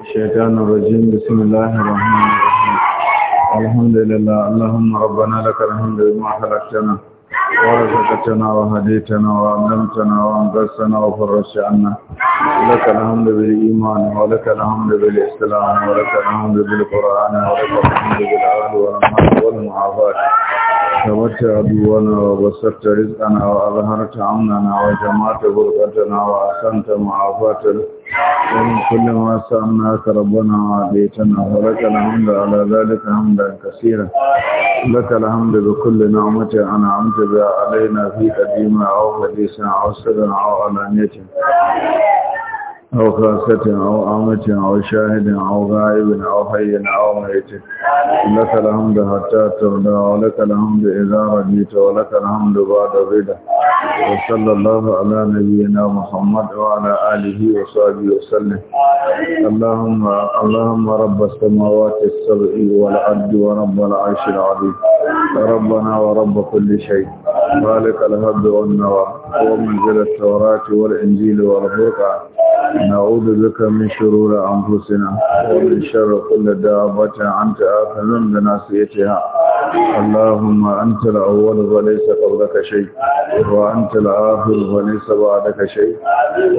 الشيطان الرجيم بسم الله الرحمن الرحيم الحمد لله اللهم ربنا لك الحمد بما خلقتنا ورزقتنا وهديتنا وعلمتنا وانقذتنا وفرجت عنا لك الحمد بالايمان ولك الحمد بالاسلام ولك الحمد بالقران ولك الحمد بالعون والرحمه والمعافاه ثبت عدونا وبسطت رزقنا واظهرت امننا وجمعت بركتنا واحسنت معافاتنا ومن كل ما سألناك ربنا وعديتنا ولك الحمد على ذلك حمدا كثيرا لك الحمد بكل نعمة أنعمت بها علينا في قديمة أو حديثة أو سر أو علانية أو خاصة أو عامة أو شاهد أو غائب أو حي أو ميت لك الحمد حتى ترضى ولك الحمد إذا رجيت ولك الحمد بعد رضا وصلى الله على نبينا محمد وعلى آله وصحبه وسلم اللهم اللهم رب السماوات السبع والعبد ورب العرش العظيم ربنا ورب كل شيء خالق الهب والنوى ومنزل التوراة والإنجيل والفرقان نعوذ بك من شرور أنفسنا ومن شر كل دابة أنت آخذ بناصيتها اللهم أنت الأول وليس قبلك شيء وأنت الآخر وليس بعدك شيء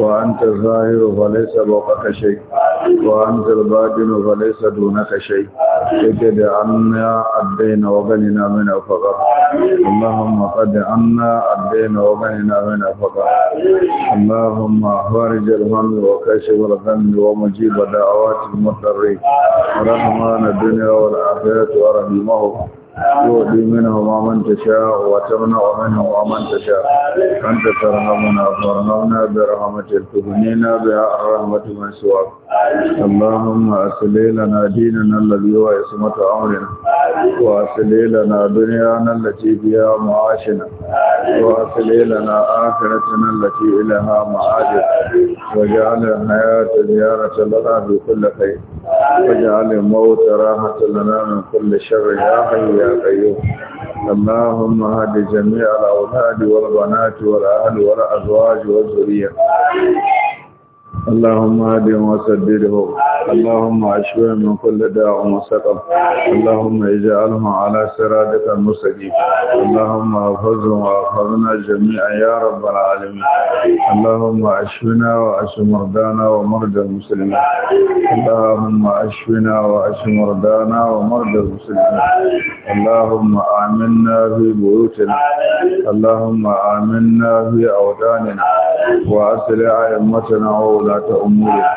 وأنت الظاهر وليس فوقك شيء وأنت الباطن وليس دونك شيء اجد عنا الدين وغننا من الفقر اللهم قد عنا الدين وغننا من الفقر اللهم فرج الهم وكاشف الغم ومجيب دعوات المضطرين رحمن الدنيا والآخرة ورحمه تؤدي منهما من تشاء وتمنع منهما من تشاء أنت ترحمنا فارحمنا برحمتك تغنينا بها الرحمة من سواك اللهم أسلي لنا ديننا الذي هو عصمة أمرنا وأسلي لنا دنيانا التي فيها معاشنا وأسلي لنا آخرتنا التي إليها معاجنا واجعل الحياة زيارة لنا في كل خير واجعل الموت راحة لنا من كل شر يا حي يا قيوم أيوه. اللهم هد جميع الأولاد والبنات والأهل والأزواج والذرية اللهم اهدهم وسددهم اللهم اشفهم من كل داء وسقم اللهم اجعلهم على صراطك المستقيم اللهم احفظهم واحفظنا جميعا يا رب العالمين اللهم اشفنا واشف مرضانا ومرضى المسلمين اللهم اشفنا واشف مرضانا ومرضى المسلمين اللهم امنا في بيوتنا اللهم امنا في اوداننا واصلح ائمتنا وولاة ولاة أمورنا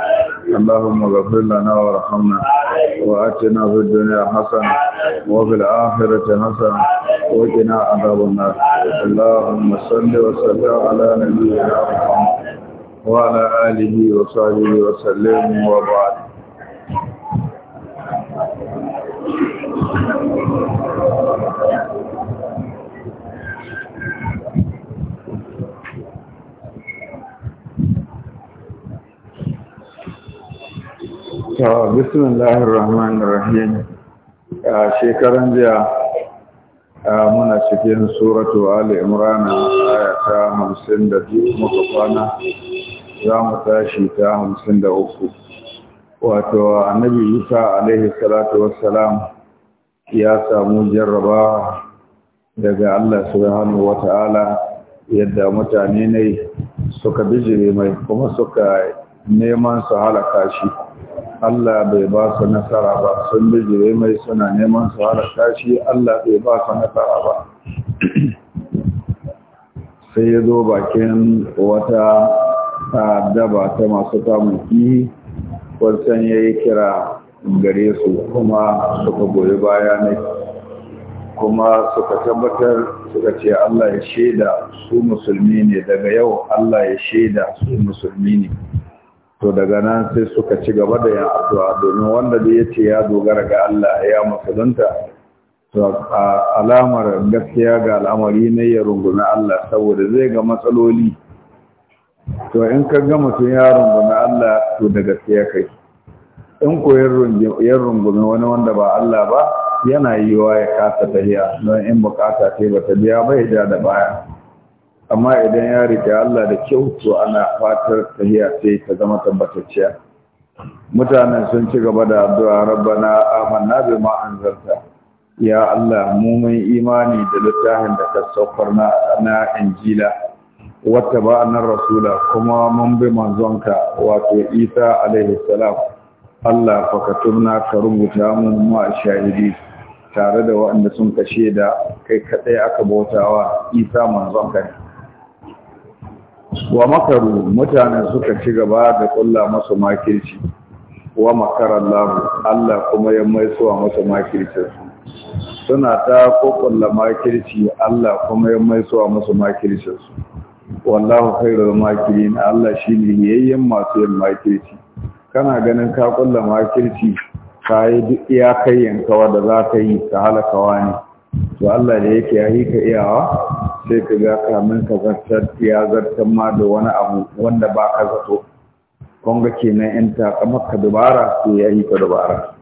اللهم اغفر لنا وارحمنا وآتنا في الدنيا حسنة وفي الآخرة حسنة وقنا عذاب النار اللهم صل وسلم على نبينا محمد وعلى آله وصحبه وسلم وبعد ta bismillahir rahim a shekaran jiya a muna cikin suratu ali imran aya ta biyu muka kwana za mu tashi ta hamsin da uku wato annabi isa alaihi salatu wassalam ya samu jarraba daga Allah subhanahu ta'ala yadda mutane ne suka bijire mai kuma suka neman su halaka shi Allah bai ba su nasara ba sun bijire mai suna neman su halaka shi Allah bai ba su nasara ba sai ya zo bakin wata daba ta masu kamun kihi wancan ya yi kira gare su kuma suka goyi baya ne kuma suka tabbatar suka ce Allah ya shaida su musulmi ne daga yau Allah ya shaida su musulmi ne to daga nan sai suka ci gaba da yin addu'a domin wanda da yace ya dogara ga Allah ya musulunta to alamar gaskiya ga al'amari ne ya runguna Allah saboda zai ga matsaloli to in ka ga mutum ya runguna Allah to da gaskiya kai in ko ya runguna wani wanda ba Allah ba yana yiwa ya kasa tafiya. don in bukata ce ba ta biya bai ja da baya amma idan ya riƙe Allah da kyau to ana fatar tahiya sai ta zama tabbatacciya mutanen sun ci gaba da addu'a rabbana amanna bima anzalta ya Allah mu mun imani da littafin da ka saukar na na injila wata ba'anar rasula kuma mun bi manzonka wato isa alaihi salam Allah fa ka rubuta mu mu shahidi tare da waɗanda sun kashe da kai kaɗai aka bautawa isa manzonka ne wa makaru mutanen suka ci gaba da kulla masa makirci wa makarar lamu Allah kuma ya maisuwa masu makirci. suna ta kokulla makirci Allah kuma ya maisuwa masu makirci. wallahu khairul makirin Allah shine yayyen masu yin makirci kana ganin ka kulla makirci ka yi duk iyakai yankawa da za ka yi ka halaka wani to Allah da yake ya ka iyawa sai ka ga kamin ka zartar ya zartar ma da wani abu wanda ba ka zato kun ga kenan in takamar ka dubara to ya yi ka dubara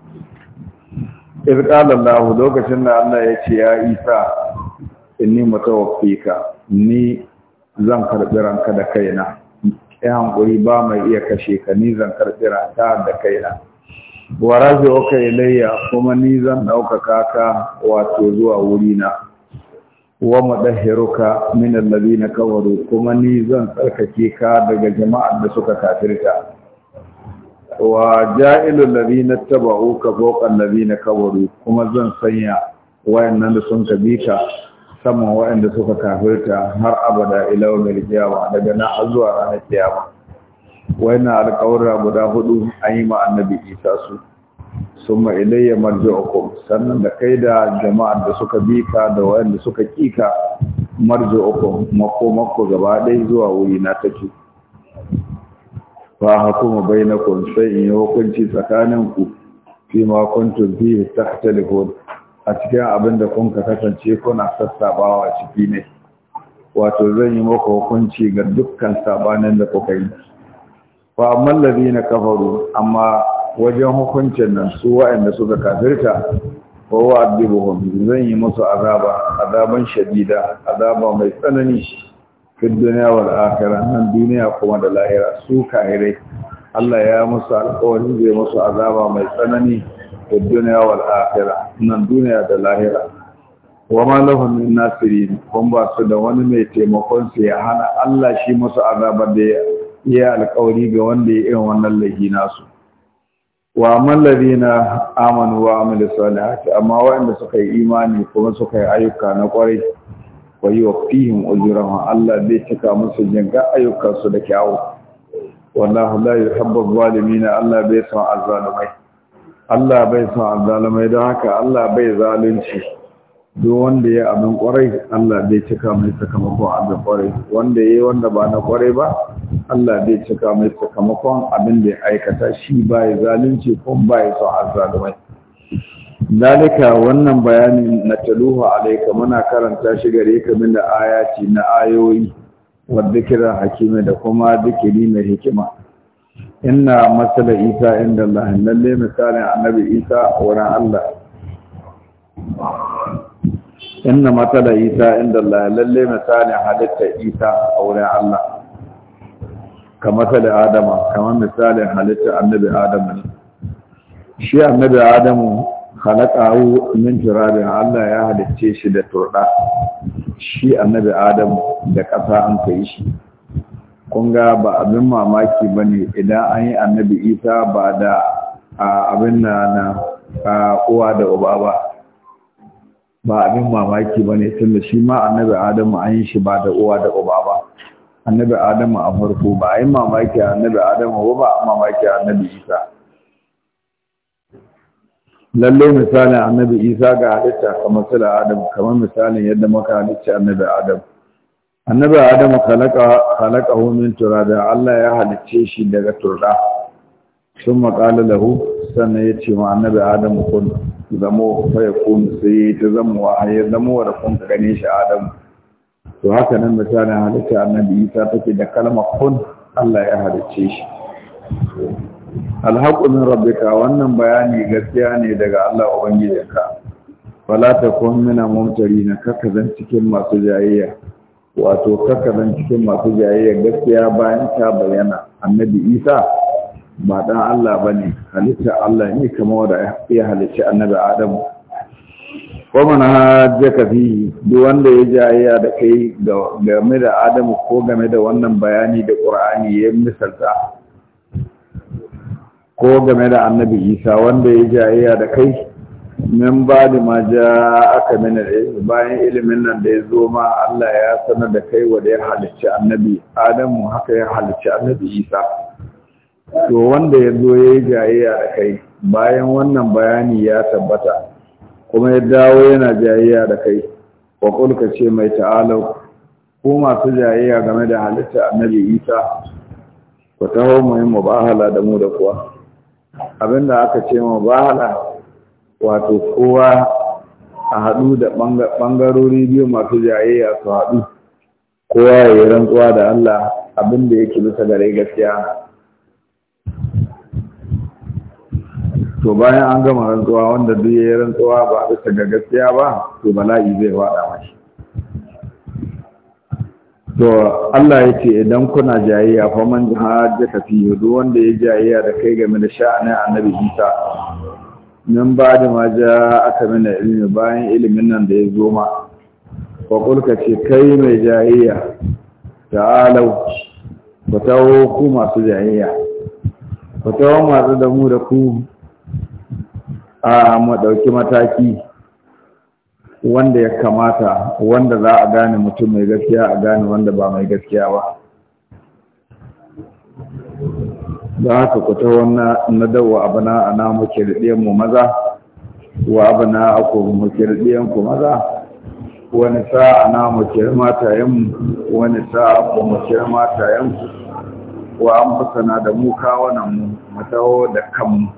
irƙalallahu lokacin da Allah ya ce ya isa inni ka, ni zan karɓi ranka da kaina ya hankuri ba mai iya kashe ka ni zan karɓi ranka da kaina wa razuka ilayya kuma ni zan ɗaukaka ka wato zuwa wurina wa mudahhiruka min alladhina kawaru kuma ni zan tsarkake ka daga jama'ar da suka kafirta wa ja'ilul ladina tabauka fawqa alladhina kawaru kuma zan sanya wayannan da sun kabita saman wayanda suka kafirta har abada ila yawmil qiyamah daga na zuwa ranar kiyama wannan alqawra guda hudu an ma annabi isa su summa ilayya marji'ukum sannan da kai da jama'ar da suka bika da wayanda suka kika marji'ukum mako mako gaba ɗaya zuwa wuri na take fa hukuma bainakum sai in yi hukunci tsakanin ku fi ma kuntum bi tahtalifun a cikin abin da kun ka kasance kuna sassabawa ciki ne wato zan yi maka hukunci ga dukkan sabanin da kuka yi fa mallabi na kafaru amma wajen hukuncin nan su waɗanda suka kafirta wa wa adibuhum zan yi musu azaba azaban shadida azaba mai tsanani fi duniya wal akhirah nan duniya kuma da lahira su kahirai Allah ya musu alƙawarin zai musu azaba mai tsanani fi duniya wal akhirah nan duniya da lahira wa ma lahum min nasirin kun ba su da wani mai taimakon su ya hana Allah shi musu azabar da ya ya alkawari ga wanda ya irin wannan laifi nasu wa na amanu wa amilu salihati amma waɗanda suka yi imani kuma suka yi ayyuka na kwarai wa yuwaffihim ujurahum Allah zai cika musu jinga ayyukansu da kyawu wallahu la yuhibbu zalimin Allah bai san azzalumai Allah bai son azzalumai don haka Allah bai zalunci duk wanda ya abin kwarai Allah zai cika mai sakamakon abin kwarai wanda ya wanda ba na kwarai ba Allah zai cika mai sakamakon abin da ya aikata shi ba ya zalunci ko ba ya so azalumai. dalika wannan bayanin na taluha alaika muna karanta shi gare ka min da ayati na ayoyi wa kira hakimi da kuma zikiri mai hikima inna masala isa inda Allah lalle misalin annabi isa wurin Allah inna matsala isa inda Allah lalle misalin halitta isa a wurin Allah ka matala adama kamar misalin halitta annabi adamu ne shi annabi adamu hu min turabin Allah ya halicce shi da turɗa shi annabi adamu da ƙasa an kai shi kun ga ba abin mamaki ba ne idan an yi annabi isa ba da abin na uwa da uba ba ba abin mamaki ba ne tunda shi ma annabi adamu an yi shi ba da uwa da uba ba annabi adamu a farko ba a yi mamaki annabi adamu ba ba a mamaki a annabi isa lallai misalin annabi isa ga halitta kamar sila Adamu, kamar misalin yadda maka halitta annabi Adamu. annabi Adamu halaka homin turada allah ya halicce shi daga turda sun maƙala lahu sannan ya ce ma annabi Adamu kun zamo faya kun sai ta zama a ya zamo da kun ka gane shi Adamu. To haka nan misalin halitta annabi Isa take da kalmar kun Allah ya halicce shi. alhaqu min rabbika wannan bayani gaskiya ne daga Allah Ubangijinka. wala ta kun mina mumtari na kakazan cikin masu jayayya. Wato kakazan cikin masu jayayya gaskiya bayan ta bayyana annabi Isa ba ɗan Allah ba ne halitta Allah ne kama da ya halitta annabi Adamu kuma na hajjaka fi duk wanda ya jayayya da kai game da Adamu ko game da wannan bayani da Qur'ani ya misalta ko game da annabi Isa wanda ya jayayya da kai min ba da ma ja aka mina bayan ilimin nan da ya zo ma Allah ya sanar da kai wa ya halicci annabi Adamu haka ya halicci annabi Isa to wanda ya zo ya yi jayayya da kai bayan wannan bayani ya tabbata kuma ya dawo yana jayayya da kai wa kulka ce mai ta'ala ko masu jayayya game da halitta annabi ta? ku taho mu yi mubahala da mu da kuwa abinda aka ce mubahala wato kowa a haɗu da ɓangarori biyu masu jayayya su haɗu kowa ya yi rantsuwa da allah abinda yake bisa gare gaskiya to bayan an gama rantsuwa wanda duk ya yi rantsuwa ba bisa ga gaskiya ba to bala'i zai wada mashi to Allah ya ce idan kuna jayayya fa man hajja ka fi wanda ya jayayya da kai game da sha'anin annabi Isa nan ba da ma ja aka mina ilimi bayan ilimin nan da ya zo ma fa kulka ce kai mai jayayya ta'alau fa tawo ku masu jayayya fa tawo masu da mu da ku a mu ɗauki mataki wanda ya kamata wanda za a gane mutum mai gaskiya a gane wanda ba mai gaskiya ba ka haka ku ta wannan na dawa abana ana muke da mu maza wa abana ako muke da ku maza wani a na muke matayen wani a ko muke matayen wa an fasana da mu kawanan mu matawo da kanmu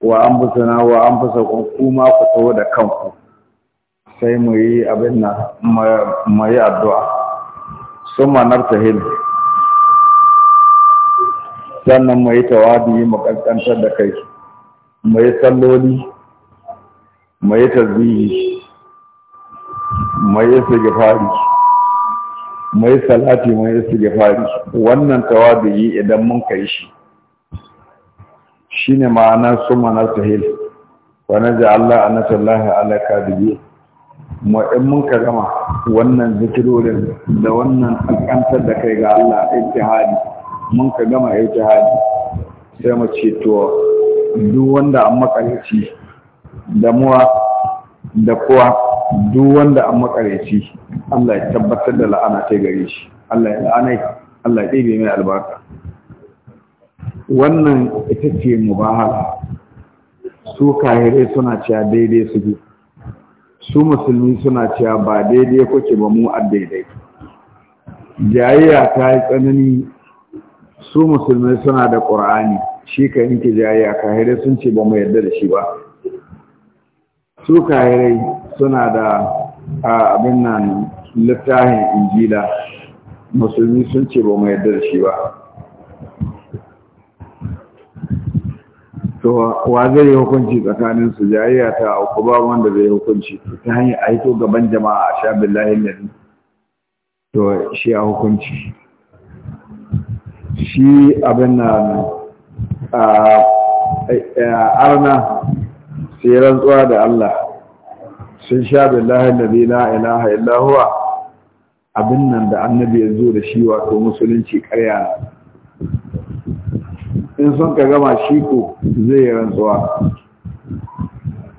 wa an busana wa an fusa kuma ku tsawo da kanku sai mu yi abin nan mu yi addu'a sun manar tahil sannan mu yi tawadi mu kankantar da kai mu yi salloli mu yi tasbihi mu yi sigifari mu yi salati mu yi sigifari wannan tawadi idan mun kai shi Shi shine ma'anar Allah a wa naj'alna anatallahi da kadibi mu in mun ka gama wannan zikirorin da wannan kankantar da kai ga Allah ijtihadi mun ka gama ijtihadi sai mu ce to duk wanda an makarici da muwa da kuwa duk wanda an makarici Allah ya tabbatar da la'ana ta gare shi Allah ya la'anai Allah ya ɗebe mai albarka wannan ita ce mubahala su kahirai suna cewa daidai su bi. su musulmi suna cewa ba daidai kuke ba mu a daidai jayayya ta yi tsanani su musulmi suna da ƙur'ani shi ka yanke jayayya kahirai sun ce ba mu yarda da shi ba su kahirai suna da a abin nan littafin injila musulmi sun ce ba mu yarda da shi ba to wa zai yi hukunci tsakanin su jayayya ta uku ba wanda zai yi hukunci ta hanyar aito gaban jama'a a sha billahi lalli to shi a hukunci shi abin na arna sai rantsuwa da Allah sun sha billahi na la ilaha illahuwa abin nan da annabi ya zo da shi wato musulunci karya in sun ka gama shi ko zai rantsuwa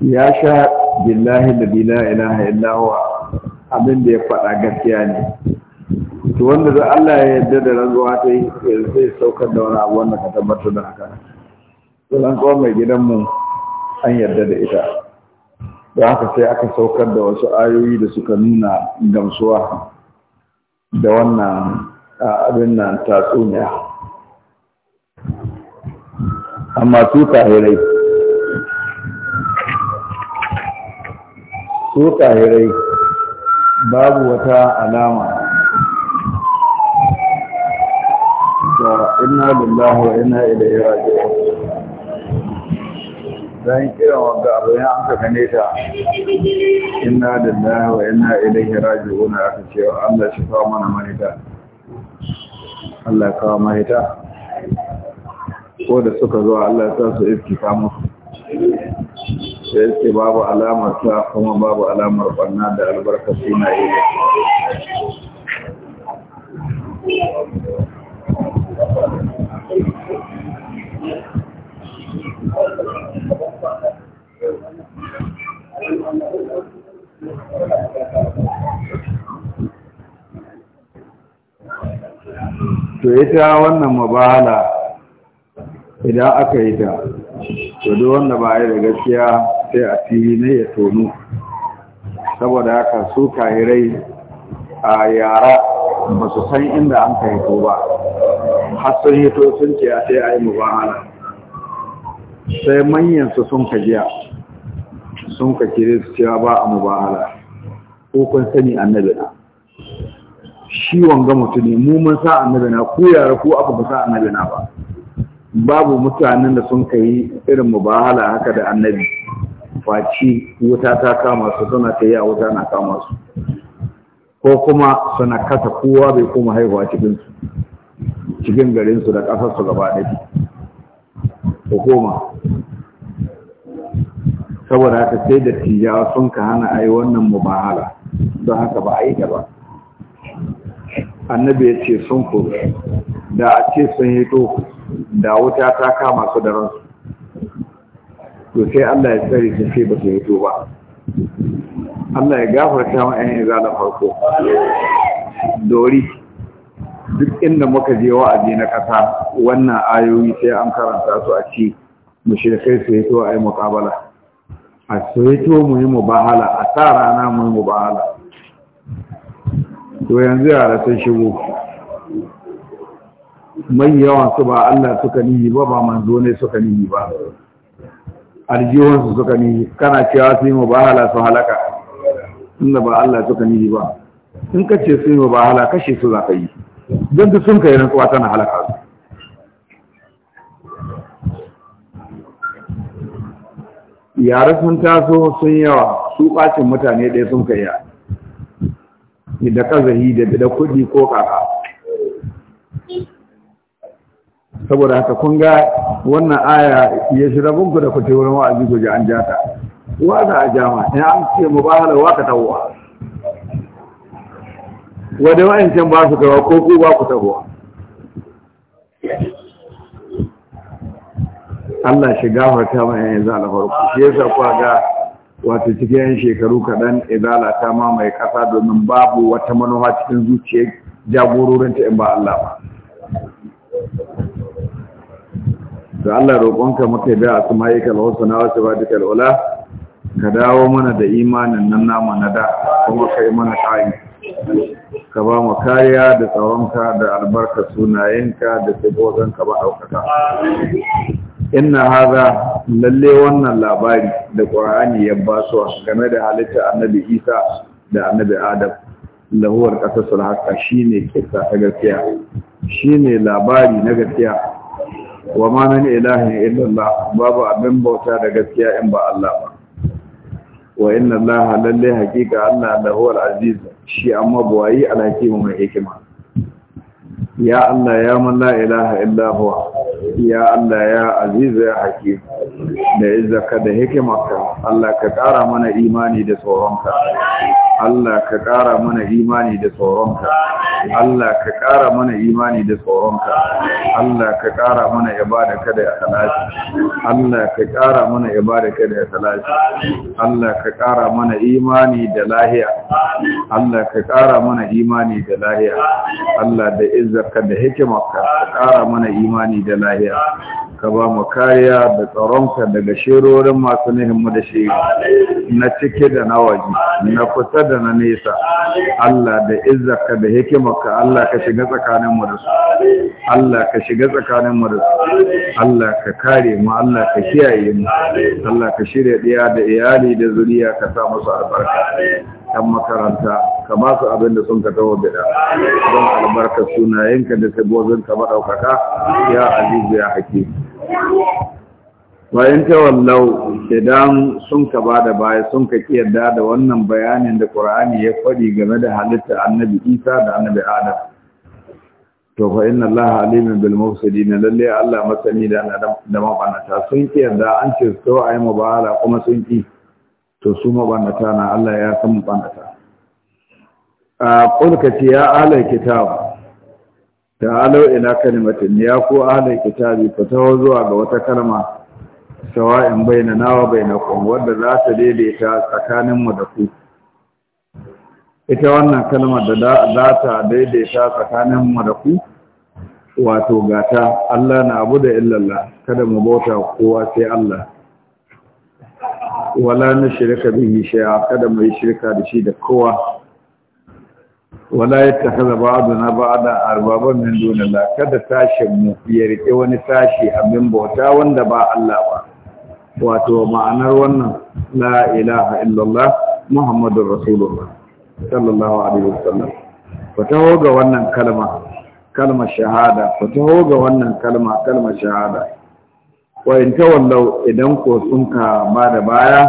ya sha billahi da bila ilaha illawa abin da ya faɗa gaskiya ne to wanda da Allah ya yarda da rantsuwa ta yi zai saukar da wani abu wanda ka tabbatar da haka to rantsuwa mai gidanmu an yarda da ita da haka sai aka saukar da wasu ayoyi da suka nuna gamsuwa da wannan abin nan tatsuniya amma su kahirai su kahirai babu wata alama da inna lillahi wa inna ilaihi raji'un dan kira wanda abu ya an saka ne ta inna lillahi wa inna ilaihi raji'un aka cewa. Allah shi kawo mana manita Allah kawo manita ko da suka zo Allah ta su ta musu sai yake babu alamar ta kuma babu alamar banna da albarka suna yi to ita wannan mabala idan aka yi ta wadda wanda ba a da gaskiya sai a fili na ya tonu saboda haka su kahirai a yara ba su san inda an ka hito ba har sun hito sun ce a sai a yi mubahala sai manyansu sun ka jiya sun ka kire su cewa ba a mubahala ko kun sani annabi na shi wanga mutum ne mu mun sa annabi na Ko yara ko abu ba sa annabi na ba babu mutanen da sun kai irin mubahala haka da annabi faci wuta ta kama su suna ta a wuta na kama su ko kuma suna kasa kowa bai kuma haihuwa cikinsu cikin garinsu da ƙasarsu gaba ɗaya hukuma saboda haka sai da tijawa sun ka hana a yi wannan mubahala don haka ba a yi ba annabi ya ce sun ku da a ce sun yi hito da wuta ta kama su da ransu to sai Allah ya tsare su sai ba su hito ba Allah ya gafarta wa ƴan izalan farko dori duk inda muka je wa'azi na ƙasa wannan ayoyi sai an karanta su a ci mushrikai su hito yi muqabala a su hito mu yi mu mubahala a sa rana mu yi mubahala to yanzu yara sun shigo mai yawan su ba Allah suka nihi ba ba manzo ne suka nihi ba aljihunsu suka nihi kana cewa su yi mubahala su halaka inda ba Allah suka nihi ba in ka ce su yi mubahala kashe su za ka yi don duk sun kai rantsuwa tana halaka su yare sun taso sun yawa su ɓacin mutane ɗaya sun kai ya da kazahi da da kuɗi ko kaka saboda haka kun ga wannan aya ya shi rabin ku da ku ce wurin wa'azi ku ji an ja ta wa za a jama in an ce mu ba halar ka tabuwa wadda wa'ancan ba su gaba ko ku ba ku tabuwa Allah shi gafarta mai yanzu ku shi yasa ku ga wata cikin yan shekaru kaɗan izala ta mamaye ƙasa domin babu wata manoma cikin zuciyar jagororinta in ba Allah ba da Allah roƙonka muka da na wasu ba duka lola? ka dawo mana da imanin nan nama na da kuma kai mana yi. ka ba mu kariya da tsawonka da albarka sunayenka da ka ba ɗaukaka inna haza lalle wannan labari da ƙwararri ya ba su game da halitta annabi isa da annabi adam lahuwar ƙasar sulhaka shi ne kisa ta gaskiya shi ne labari na gaskiya wa ma min ilahin illallah babu abin bauta da gaskiya in ba Allah ba wa inna Allah lalle hakika Allah da al-aziz shi amma buwayi alaki mu mai hikima ya Allah ya man la ilaha illa huwa ya Allah ya aziz ya hakim da izzaka da ka, Allah ka kara mana imani da tsoronka Allah ka kara mana imani da tsoronka Allah ka ƙara mana imani da tsoronka Allah ka ƙara mana ibada kada ya salati Allah ka ƙara mana ibada kada ya salati Allah ka ƙara mana imani da lahiya Allah ka ƙara mana imani da lahiya Allah da izzarka da hikimarka ka ƙara mana imani da lahiya ka ba mu kariya da tsaronka daga shirorin masu nihinmu da shi na cike da na waje na kusa da na nesa Allah da izzaka da hikimarka Allah ka shiga tsakaninmu da su Allah ka shiga tsakaninmu da su Allah ka kare mu Allah ka kiyaye mu Allah ka shirya ɗiya da iyali da zuriya ka sa musu albarka ‘yan makaranta ka ba su abin da sun ka taho bida don albarka sunayenka da sabobinka maɗaukaka ya azizu ya haƙi bayan ta wallau idan sun ka ba da baya sun ka yarda da wannan bayanin da ƙur'ani ya faɗi game da halitta annabi isa da annabi adam to fa inna allaha alimin bil mufsidin lalle allah masani da da ta sun ki yadda an ce so ayi mubahala kuma sun ki to su mabannata na Allah ya san mabannata a kulka ce ya alai kitab ta'alau ila kalimatin ya ko alai kitabi ta taho zuwa ga wata kalma sawa'in baina nawa baina kun wanda za ta daidaita tsakanin mu da ku ita wannan kalmar da za ta daidaita tsakanin mu da ku wato gata Allah na abu da illallah kada mu bauta kowa sai Allah wala na shirka bihi shay'a kada mu yi shirka da shi da kowa wala yattakhadha ba'duna ba'da arbaban min dunillah kada tashin mu ya rike wani tashi abin bauta wanda ba Allah ba wato ma'anar wannan la ilaha illallah muhammadur rasulullah sallallahu alaihi wasallam ku taho ga wannan kalma kalmar shahada ku taho ga wannan kalma kalmar shahada wayan wallau idan ko sun ka ba da baya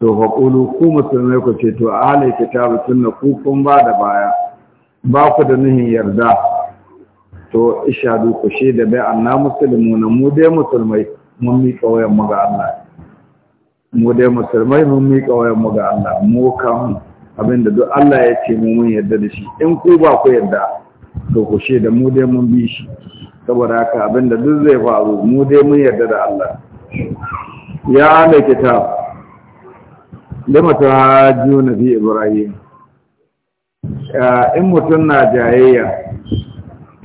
to faƙulu ku musulmai ku ce to a halin kitabu sunna ku kun ba da baya ba ku da nuhin yarda to ishadu ku shi da bai anna na mu dai musulmai mun mi wayan mu ga Allah mu dai musulmai mun mi wayan mu ga Allah mu kan abinda duk Allah ya ce mu mun yarda da shi in ku ba ku yarda to ku shi da mu dai mun bi shi saboda haka abinda duk zai faru mu dai mun yarda da Allah ya ala kitab da ta juna nabi ibrahim in mutum na jayayya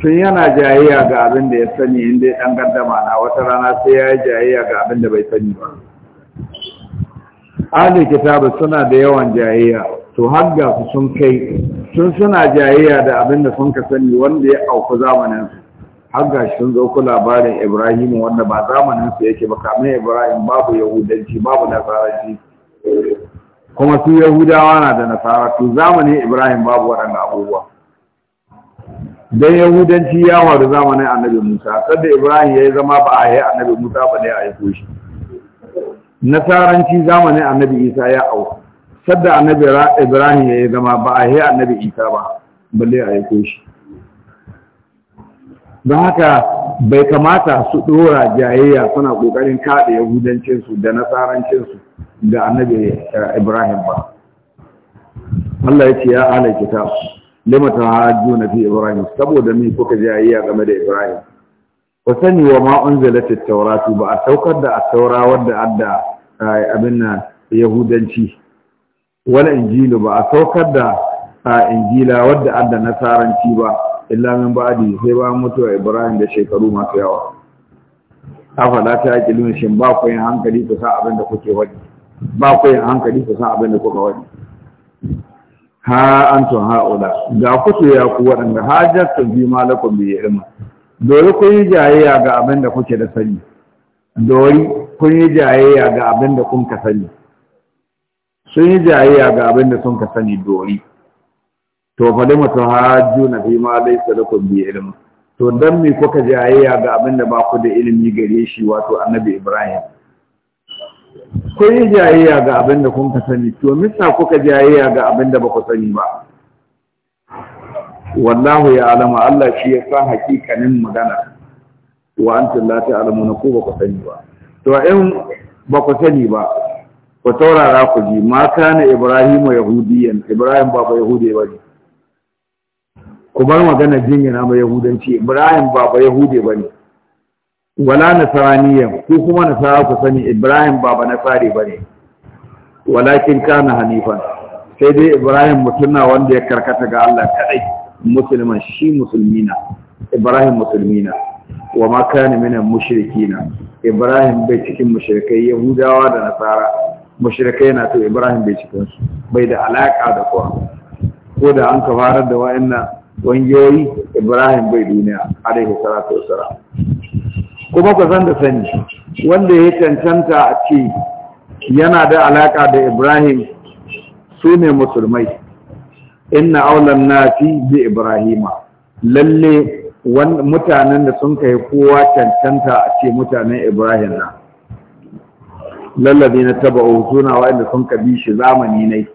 tun yana jayayya ga abin da ya sani inda ya dan gardama na wata rana sai ya yi jayayya ga abin da bai sani ba ahli kitabu suna da yawan jayayya to har ga su sun kai sun suna jayayya da abin da sun ka sani wanda ya auku zamaninsu. har ga sun zo ku labarin Ibrahim wanda ba zamanin su yake ba kamar Ibrahim babu Yahudanci babu Nasaranci kuma su Yahudawa na da Nasara su zamanin Ibrahim babu waɗannan abubuwa dan Yahudanci ya faru zamanin Annabi Musa kada Ibrahim ya yi zama ba a yi Annabi Musa ba ne a yi shi Nasaranci zamanin Annabi Isa ya au sadda Annabi Ibrahim ya yi zama ba a yi Annabi Isa ba balle a yi shi don haka bai kamata su ɗora jayayya suna ƙoƙarin kaɗa yahudancinsu da nasarancinsu da annabi eh, ibrahim ba Allah ya ce ya ala kitab lima na fi ibrahim saboda mai kuka jayayya game da ibrahim Ku sani wa ma unzilat tauratu ba a saukar da a taura wanda adda eh, abin na yahudanci wani injilu ba a saukar da eh, injila wanda adda nasaranci ba illa min ba'di sai ba mutuwa Ibrahim da shekaru masu yawa da ta yaqilun shin ba ku yin hankali ku sa abin da kuke wani. ba ku yin hankali ku sa abin da kuka wani. ha an antum haula ga ku ya ku wadanda hajjatun bi malakum bi ilmi dole ku yi jayayya ga abin da kuke da sani dori kun yi jayayya ga abin da kun ka sani sun yi jayayya ga abin da sun ka sani dori to fa lima na fi ma da kun bi ilm to dan me kuka ayya ga abin da ba ku da ilimi gare shi wato annabi Ibrahim kun yi jayayya ga abin da kun ka sani to misa kuka ayya ga abin da ba ku sani ba wallahu ya alama Allah shi ya san hakikanin magana wa anta la na ku ba ku sani ba to in ba ku sani ba ku taurara ku ji ma kana Ibrahim yahudiyan Ibrahim ba ba yahudi ba ne ku bar magana jingina mai yahudanci ibrahim ba yahude ba ne wala nasaraniya ku kuma nasara ku sani ibrahim ba na nasari ba ne walakin kana hanifan sai dai ibrahim mutum na wanda ya karkata ga allah kadai musulman shi musulmina ibrahim musulmina wa ma kana minan mushrikina ibrahim bai cikin mushrikai yahudawa da nasara mushrikai na to ibrahim bai cikin su bai da alaka da kowa ko da an kafarar da wa'annan ƙungiyoyi ibrahim bai duniya alaihi salatu wassalam kuma ku zan da sani wanda ya cancanta a ce yana da alaka da ibrahim su ne musulmai inna aulan nasi bi ibrahima lalle mutanen da sun kai kowa cancanta a ce mutanen ibrahim na lallabi na taba'o suna da sun ka bi shi zamani yi.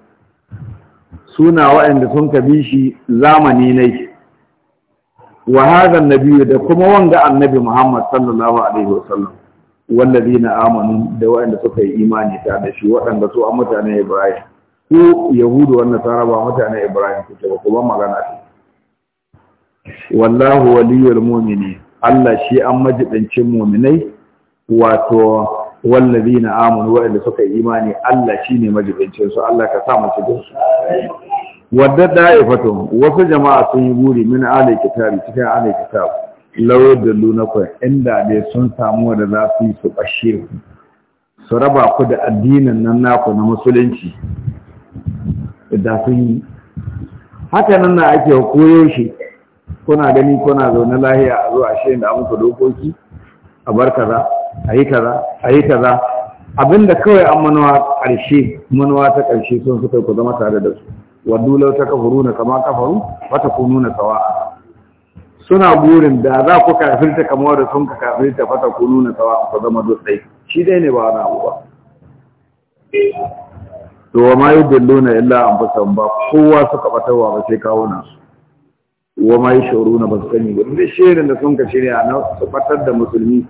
suna waɗanda sun ka bi shi zamani ne wa hadha nabiyyu da kuma wanga annabi Muhammad sallallahu alaihi wasallam walladina amanu da waɗanda suka yi imani ta da shi waɗanda su a mutanen Ibrahim ko yahudu wannan saraba mutanen Ibrahim kuke ba kuma magana ce wallahu waliyul mu'minin Allah shi an majidancin mu'minai wato na amanu waɗanda suka yi imani Allah shine majibincin su Allah ka sa mu cikin su wadda da'ifatu wasu jama'a sun yi buri min ala kitabi cikin ahli kitab da luna ku inda dai sun samu da za su yi su bashe su raba ku da addinin nan naku na musulunci da sun yi haka nan na ake koyo shi kuna gani kuna zaune lahiya a zuwa shi da amku dokoki a bar kaza a yi kaza kaza abinda kawai an manuwa ƙarshe manuwa ta ƙarshe sun suka ku zama tare da su waddu lau ta kafuru na kama kafaru wata kunu na sawa'a suna burin da za ku kafirta kamar da sun ka kafirta fata kunu na sawa'a ku zama dutsai shi dai ne ba wani abu ba to wa ma yudilluna illa an anfusahum ba kowa suka batarwa ba sai kawo na su wa ma na ba sani ba duk shirin da sun ka shirya na su fatar da musulmi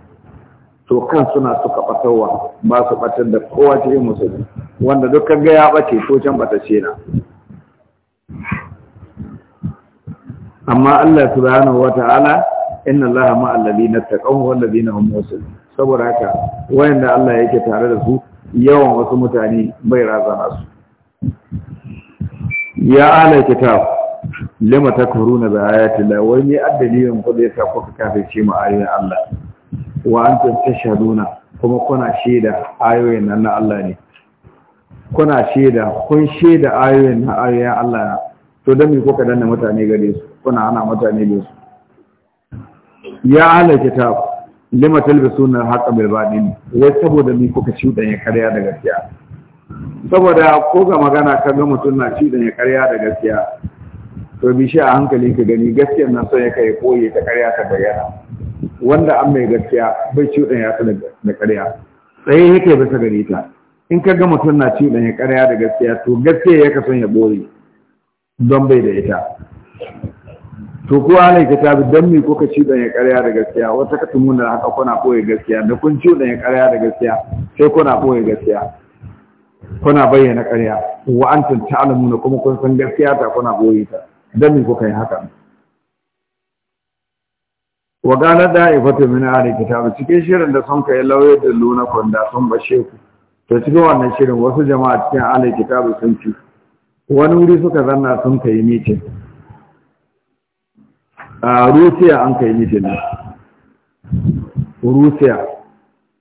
to kan suna suka batarwa ba su batar da kowa cikin musulmi wanda dukkan ga ya bace to can ce na amma Allah subhanahu wata'ala inna na ma'al ladina taqaw wal ladina hum muslimun saboda haka wayanda Allah yake tare da su yawan wasu mutane bai razana su ya ala kitab lima takfuruna bi ayati Allah wai me addalilin ku da yasa kuka Allah wa an antum tashhaduna kuma kuna shaida ayoyin nan na Allah ne kuna shaida kun shaida ayoyin na ayoyin Allah to dan me kuka danna mutane gare su kuna ana mutane gare su ya ala kitab lima talbisuna haqa bil badin wai saboda me kuka ya karya da gaskiya saboda ko ga magana ka ga mutum na ya karya da gaskiya to bi shi a hankali ka gani gaskiyar nan sai ya kai koyi ta karya ta bayyana wanda an mai gaskiya bai cuɗan ya da ƙarya tsaye yake bisa gari ta in ka ga mutum na cuɗan ya ƙarya da gaskiya to gaskiya ya kasan ya bore don bai da ita to kuwa ne ka tabi don me kuka cuɗan ya ƙarya da gaskiya wata ka tumuna da haka kuna ɓoye gaskiya da kun cuɗan ya ƙarya da gaskiya sai kuna ɓoye gaskiya kuna bayyana ƙarya wa antum kuma kun san gaskiya ta kuna ɓoye ta don me kuka yi haka wa gane da ifatu min ahli ba cikin shirin da sun kai lauye da luna kwanda sun bashe ku to cikin wannan shirin wasu jama'a cikin ahli ba sun ci wani wuri suka zanna sun kai mitin a Rusiya an kai mitin ne Rusiya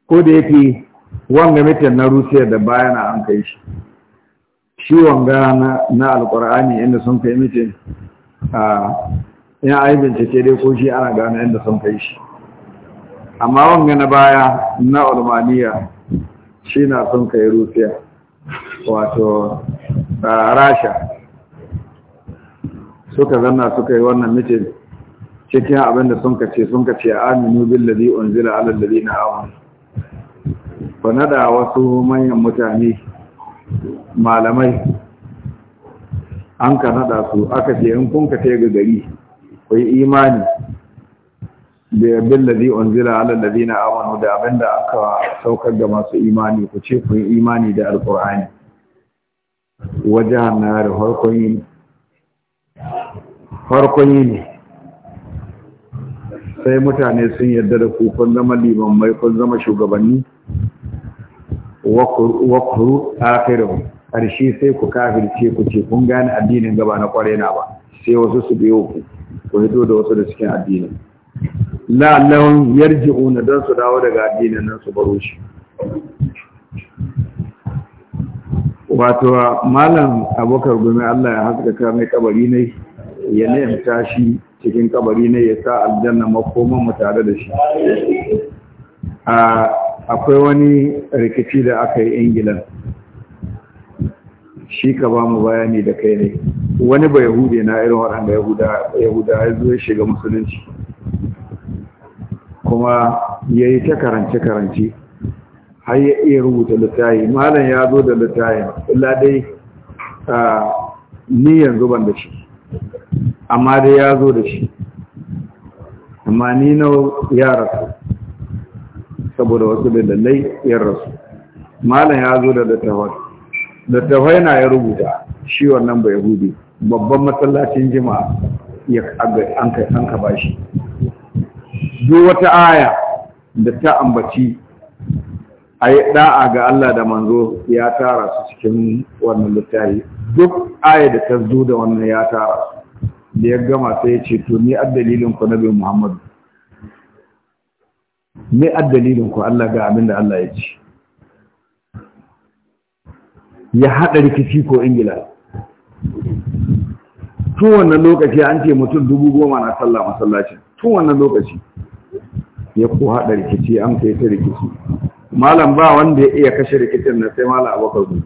ko da yake wanga mitin na Rusiya da bayana an kai shi shi wanga na alkur'ani inda sun kai mitin a ina a yi bincike dai ko shi ana gane inda sun kai shi amma wanga na baya na ulmaniya shi na sun kai rufiya wato rasha suka zanna suka yi wannan mitin cikin abin da sun kace sun kace aminu billazi unzila ala alladhina amanu fa nada wasu manyan mutane malamai an ka nada su aka ce in kun ka ga gari ku yi imani da billazi unzila ala na amanu da abin da aka saukar da masu imani ku ce ku yi imani da Alƙur'ani. wajen na da farkon yini farkon sai mutane sun yarda da ku kun zama liman mai kun zama shugabanni wakuru akirin ƙarshe sai ku kafirce ku ce kun gane addinin gaba na ƙware na ba sai wasu su biyo ku ku da wasu da cikin addini la'allahum yarji'una dan su dawo daga addinin nan su baro shi wato malam abokar gumi Allah ya ka mai kabari ne ya nemta shi cikin kabari ne ya sa aljanna makoman mu tare da shi akwai wani rikici da aka yi ingilan shi ka ba mu bayani da kai ne wani ba yahudi na irin waɗanda yahuda ya zo ya shiga musulunci kuma ya yi ta karance-karance har ya iya rubuta littayi malam ya zo da littayi illa dai ni yanzu ban da shi amma dai ya zo da shi amma ni na ya rasu saboda wasu dalilai ya rasu malam ya zo da littafai littafai na ya rubuta shi wannan bai hudu babban masallacin jima'a ya an kai an ka bashi duk wata aya da ta ambaci a yi da'a ga Allah da manzo ya tara su cikin wannan littafi duk aya da ta zo da wannan ya tara da ya gama sai ya ce to ni addalilin ku nabi Muhammadu ni addalilin ku Allah ga abin da Allah ya ce ya hada rikici ko ingila tun wannan lokaci an ce mutum dubu goma na sallah masallacin tun wannan lokaci ya ko haɗa rikici an kai ta rikici malam ba wanda ya iya kashe rikicin na sai malam abokan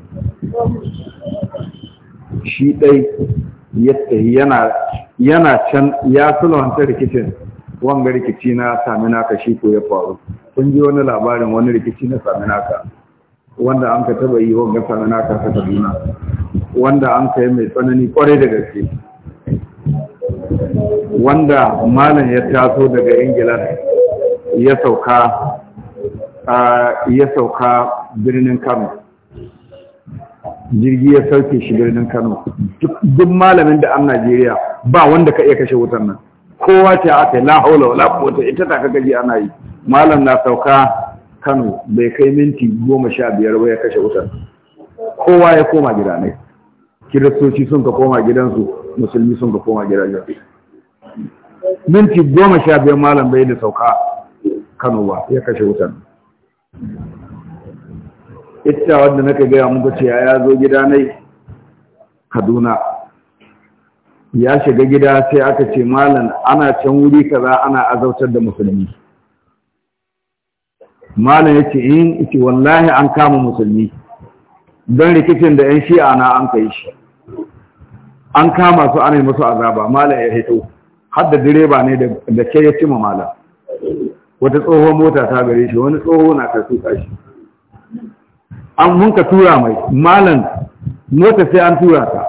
shi ɗai yadda yana can ya sulwanta rikicin wanga rikici na sami naka shi ko ya faru kun ji wani labarin wani rikici na sami naka wanda an ka taba yi wanga sami naka ta kaduna wanda an ka yi mai tsanani kwarai da gaske wanda malam ya taso daga ingila ya sauka ya sauka birnin kano jirgi ya sauke shi birnin kano duk malamin da an najeriya ba wanda ka iya kashe wutan nan kowa ce aka yi lahaula wala wata ita ta kaka gaji ana yi malam na sauka kano bai kai minti goma sha biyar ba ya kashe wutan kowa ya koma gida ne kiristoci sun ka koma gidansu musulmi sun ka koma gidajensu minti goma sha biyar malam bai da sauka kano ba ya kashe wutan ita wanda ka gaya muka ce ya zo gida nai kaduna ya shiga gida sai aka ce malam ana can wuri kaza ana azautar da musulmi malam ya ce in eh, ce wallahi an kama musulmi don rikicin da 'yan shi'a na an kai shi an kama su ana yi musu azaba malam ya hito hadda da direba ne da ke ya cima malam wata tsohon mota ta gare shi wani tsoho na ta tuka shi an mun ka tura mai malam mota sai an tura ta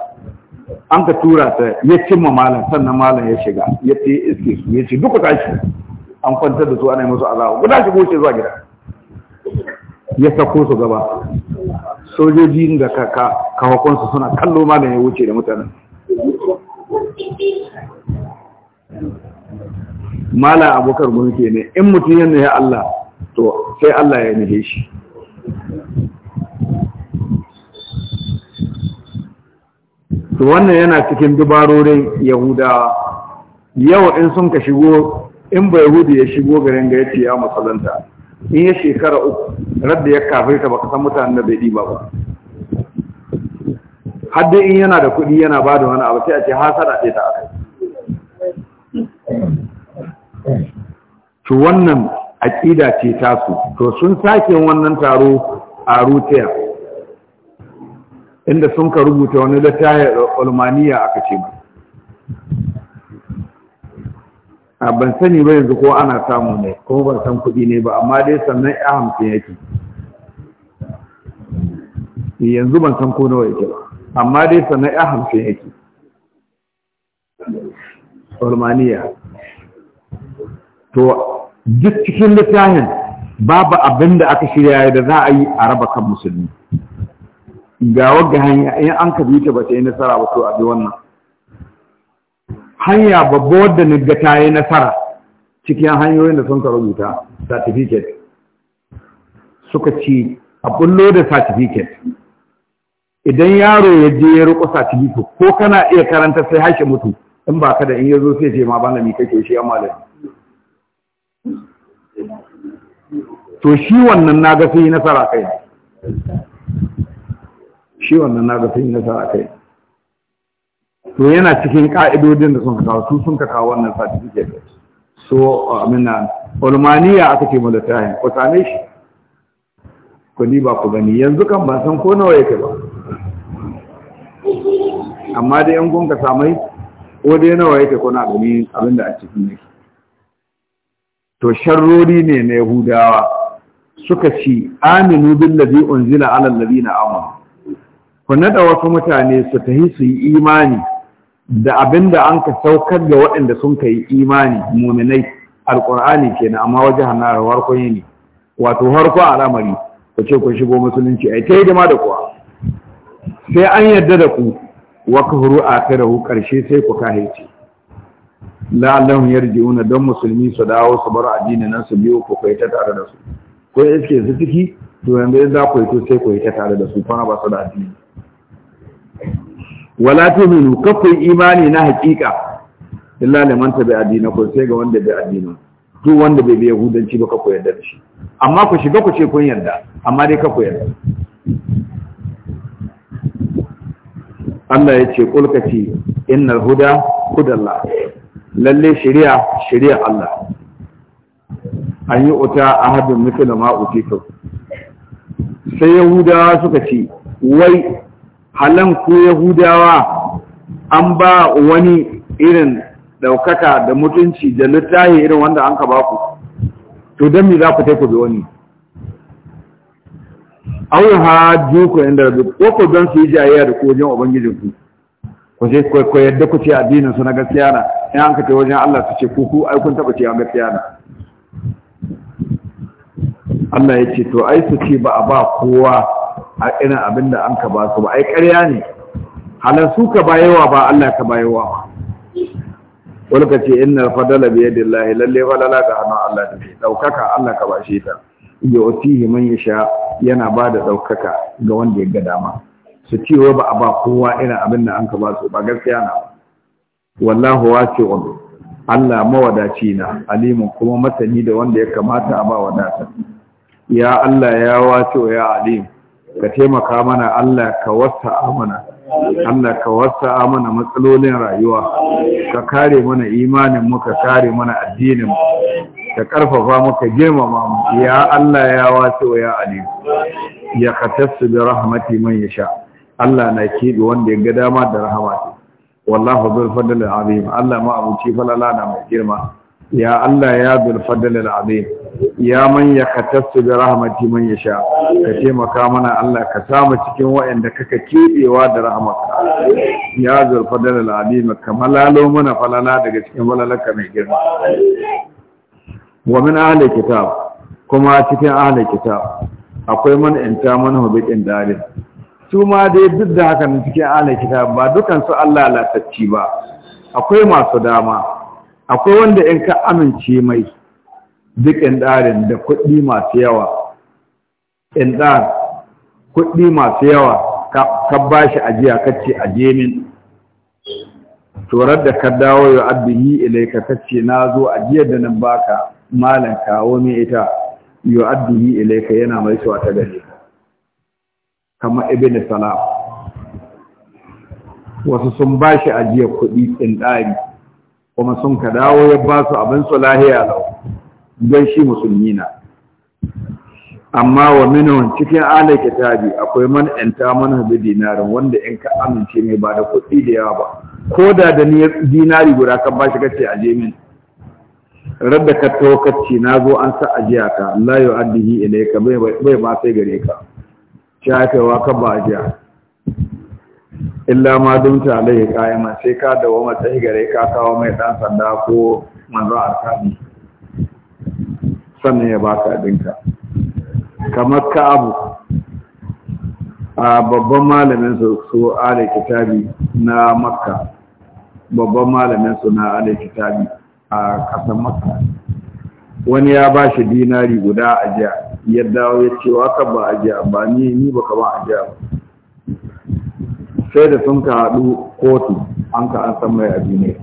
an ka tura ta ya cimma malam sannan malam ya shiga ya ce iske su ya ce duka tashi an kwantar da su ana yi musu azaba guda shi goce zuwa gida ya sako su gaba sojoji da kakakon suna kallo malam ya wuce da mutanen mala abokar gunke ne in mutum yana ya Allah to sai Allah ya nufe shi to wannan yana cikin dubarorin yahudawa yau in sun ka shigo in ba ya shigo garin ga ya ce ya in ya shekara uku radda ya kafirta baka san mutanen da bai ɗiba ba har dai in yana da kuɗi yana ba da wani abu sai a ce hasara ce ta akai to wannan aƙida ce tasu to sun sake wannan taro a rutiya inda sun ka rubuta wani littafin ulmaniya aka ce ba a ban sani ba yanzu ko ana samu ne kuma ban san kuɗi ne ba amma dai sannan ya hamsin yake yanzu ban san ko nawa yake ba amma dai sana ya hamsin yake ulmaniya to duk cikin littafin babu abin da aka shirya da za a yi a raba kan musulmi ga wagga hanya in an ka ta ba ta yi nasara ba to a bi wannan hanya babba wadda nigga ta yi nasara cikin hanyoyin da sun ka rubuta certificate suka ci a bullo da certificate idan yaro ya je ya rukusa tibitu ko kana iya karanta sai hashi mutu in ba ka da in yazo sai ce ma malami kake shi amma da to shi wannan na ga sai nasara kai shi wannan na ga sai nasara kai to yana cikin ka'idodin da sun kawo su sun kawo wannan certificate so amina ulmaniya aka ce mulatahin ku same shi ku ni ba ku gani yanzu kan ban san ko nawa yake ba amma dai yan kun samai ko dai nawa yake kuna gani abin da a cikin yake to sharrori ne na yahudawa suka ci aminu billazi unzila ala alladhina amanu ku nada wasu mutane su tahi su yi imani da abin da an ka saukar da waɗanda sun ka yi imani muminai alƙur'ani kenan amma wajen hannara warko ne wato harko al'amari ku ce ku shigo musulunci ai ta hidima da kuwa sai an yarda da ku Waka wa kahuru akhirahu ƙarshe sai ku kahirce la'allahum yarji'una don musulmi su dawo su bar addinin nan su biyo ku kai ta tare da su ko iske su ciki to yanzu za ku yi to sai ku yi ta tare da su fara ba su da addini wala minu kafin imani na hakika illa liman tabi addinakum sai ga wanda bai addinin duk wanda bai bi yahudanci ba ka koyar da shi amma ku shiga ku ce kun yarda amma dai ka koyar. yarda Allah ya ce ƙulƙaci innal huda hudallah lalle shari'a shari'a Allah an yi uta haɗin mithla ma utitu sai yahudawa suka ce wai halan ku yahudawa an ba wani irin ɗaukaka da mutunci da littahi irin wanda an ka baku to don me za ku da wani aw duku ku inda rabu ko ko don su yi jayayya da kojin ubangijin ku ku je ku yadda ku ce addinin su na gaskiya na in an ka wajen Allah su ce ku ku ai kun taba ce an gaskiya na Allah ya ce to ai su ce ba a ba kowa a irin abin da an ka ba su ba ai ƙarya ne halar su ka bayewa ba Allah ka bayewa ba wani ka ce inna fadala biyadillahi lalle falala ga hannun Allah ne daukaka Allah ka bashe ta yawatihi man sha yana ba da ɗaukaka ga wanda ya ga dama su ce wa ba a ba kowa irin abin da an ka ba su ba gaskiya na wallahu wasi'un Allah mawadaci na alimin kuma masani da wanda ya kamata a ba wadata ya Allah ya wato ya alim ka taimaka mana Allah ka wasa mana Allah ka wasa mana matsalolin rayuwa ka kare mana imanin mu ka kare mana addinin mu ka karfafa maka girmama mu ya Allah ya wace wa ya alim ya katassu da rahmati man yasha Allah na kiɗi wanda ya ga dama da rahama wallahu bil fadl al azim Allah ma abuci falala na mai girma ya Allah ya bil fadl al azim ya man ya katassu bi rahmati man yasha ka taimaka mana Allah ka samu cikin waɗanda kaka kebewa da rahmatka ya zul fadl al azim kamalalo mana falala daga cikin falalaka mai girma wa min ahli kitab kuma cikin ahli kitab akwai man inta man hubitin dalil su ma dai duk da haka cikin ahli kitab ba dukan su Allah latacci ba akwai masu dama akwai wanda in ka amince mai duk ɗarin da kuɗi masu yawa ɗar kuɗi masu yawa ka ba shi ajiya kacce aje min turar da ka dawo ya abin yi ka na zo ajiyar da nan baka malan kawo min ita yu'addihi ilayka yana mai suwa ta gare ka kamar ibn salam wasu sun bashi ajiyar kuɗi tsindari kuma sun ka dawo ya ba su abin su lahiya lau don shi musulmi na amma wa minahun cikin ala kitabi akwai man yanta mana bi dinarin wanda in ka amince mai ba da kuɗi da yawa ba ko da da dinari guda kan bashi kace aje min rabda ka tokaci na zo an sa ajiya ka la yu'addihi ilayka bai bai ma sai gare ka sha ka ba ajiya illa ma dumta alaihi qa'ima sai ka dawo sai gare ka kawo mai dan sanda ko manzo arkani sannan ya baka abinka kamar ka abu a babban malamin su su ala kitabi na makka babban malamin su na ala kitabi a ƙasar maka wani ya ba shi dinari guda a jiya ya dawo ya ce ka ba a jiya ba ni ni ba ka ba a jiya ba sai da sun ka haɗu kotu an ka an san mai abi ne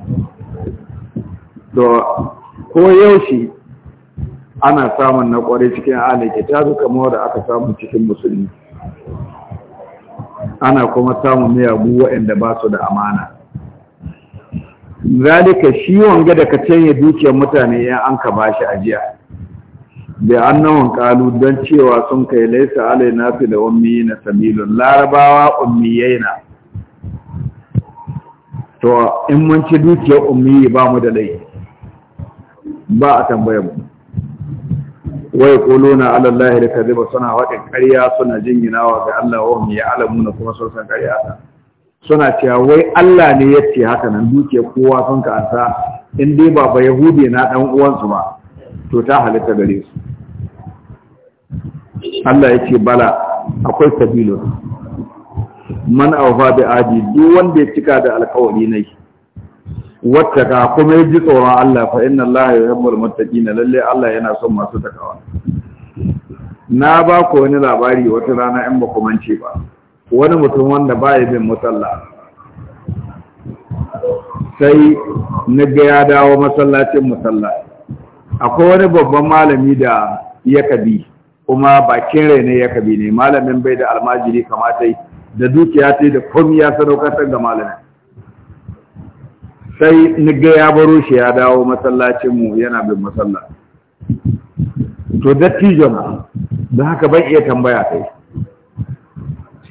to ko yaushe ana samun na ƙware cikin ta zuka kamar da aka samu cikin musulmi ana kuma samun miyagu waɗanda ba su da amana zalika shi wanga da ka canya dukiyar mutane ya an ka bashi ajiya da annawan kalu don cewa sun kai laisa alaina fi da ummi na sabilun larabawa ummiyaina to in mun ci dukiyar ummi ba mu da laifi ba a tambayar mu wai kuluna ala Allah da kadhiba suna waƙin ƙarya suna jinginawa ga Allah wa hum ya'lamuna kuma sun san ƙarya ta suna cewa wai Allah ne ya ce haka nan kowa sun ka ansa in dai ba ba yahudi na dan uwansu ba to ta halitta gare su Allah ya ce bala akwai sabilun man awfa bi adi duk wanda ya cika da alƙawari ne wata ka kuma ya ji tsoron Allah fa inna Allah ya yuhibbul muttaqin lalle Allah yana son masu takawa na ba ku wani labari wata rana in ba ku mance ba wani mutum wanda baya bin musalla sai na ga ya dawo masallacin musalla akwai wani babban malami da ya kabi kuma bakin rai ne ya kabi ne malamin bai da almajiri kamata da dukiya ta da komi ya sadaukatar ga malamin sai na ya baro shi ya dawo masallacinmu yana bin masalla to dattijon da haka ban iya tambaya kai